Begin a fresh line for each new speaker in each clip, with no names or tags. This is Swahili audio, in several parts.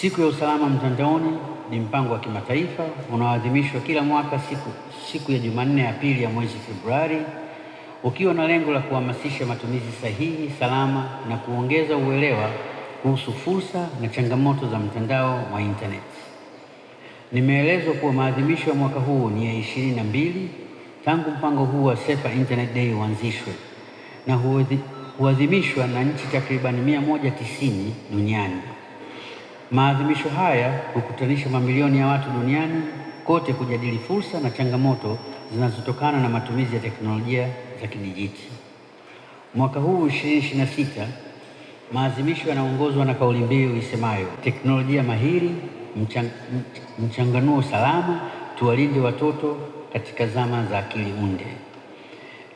Siku ya usalama mtandaoni ni mpango wa kimataifa unaoadhimishwa kila mwaka siku, siku ya Jumanne ya pili ya mwezi Februari ukiwa na lengo la kuhamasisha matumizi sahihi, salama na kuongeza uelewa kuhusu fursa na changamoto za mtandao wa intaneti. Nimeelezwa kuwa maadhimisho ya mwaka huu ni ya ishirini na mbili tangu mpango huu wa Safer Internet Day uanzishwe na huadhimishwa na nchi takribani mia moja tisini duniani. Maadhimisho haya hukutanisha mamilioni ya watu duniani kote kujadili fursa na changamoto zinazotokana na matumizi ya teknolojia za kidijiti. Mwaka huu 2026 maadhimisho yanaongozwa na kauli mbiu isemayo teknolojia mahiri, mchang, mchanganuo salama, tuwalinde watoto katika zama za akili unde.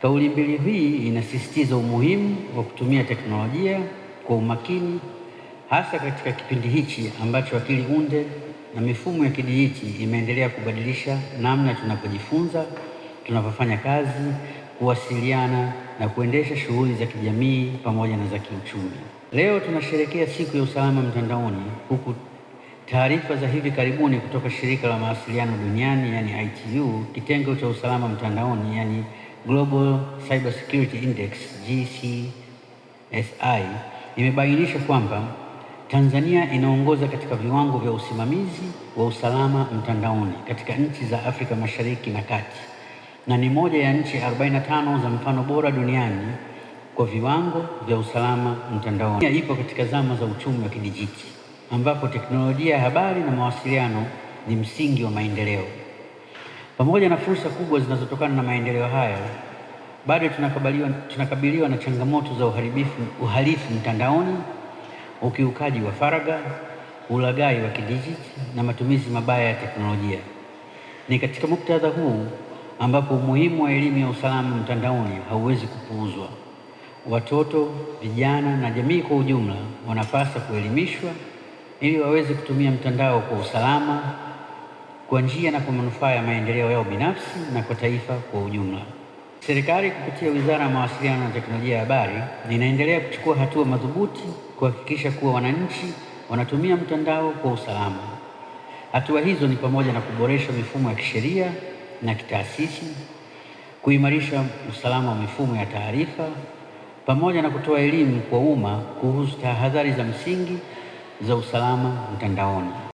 Kauli mbiu hii inasisitiza umuhimu wa kutumia teknolojia kwa umakini hasa katika kipindi hichi ambacho akili unde na mifumo ya kidijiti imeendelea kubadilisha namna tunapojifunza, tunapofanya kazi, kuwasiliana na kuendesha shughuli za kijamii pamoja na za kiuchumi. Leo tunasherehekea siku ya usalama mtandaoni, huku taarifa za hivi karibuni kutoka shirika la mawasiliano duniani yani ITU kitengo cha usalama mtandaoni yani Global Cyber Security Index GCSI imebainisha kwamba Tanzania inaongoza katika viwango vya usimamizi wa usalama mtandaoni katika nchi za Afrika Mashariki na Kati na ni moja ya nchi 45 za mfano bora duniani kwa viwango vya usalama mtandaoni. Ipo katika zama za uchumi wa kidijiti ambapo teknolojia ya habari na mawasiliano ni msingi wa maendeleo. Pamoja na fursa kubwa zinazotokana na maendeleo haya, bado tunakabiliwa, tunakabiliwa na changamoto za uhalifu mtandaoni ukiukaji wa faragha, ulaghai wa kidijiti na matumizi mabaya ya teknolojia. Ni katika muktadha huu ambapo umuhimu wa elimu ya usalama mtandaoni hauwezi kupuuzwa. Watoto, vijana na jamii kwa ujumla wanapaswa kuelimishwa ili waweze kutumia mtandao kwa usalama, kwa njia na kwa manufaa ya maendeleo yao binafsi na kwa taifa kwa ujumla. Serikali kupitia Wizara ya Mawasiliano na Teknolojia ya Habari inaendelea kuchukua hatua madhubuti kuhakikisha kuwa wananchi wanatumia mtandao kwa usalama. Hatua hizo ni pamoja na kuboresha mifumo ya kisheria na kitaasisi, kuimarisha usalama wa mifumo ya taarifa, pamoja na kutoa elimu kwa umma kuhusu tahadhari za msingi za usalama mtandaoni.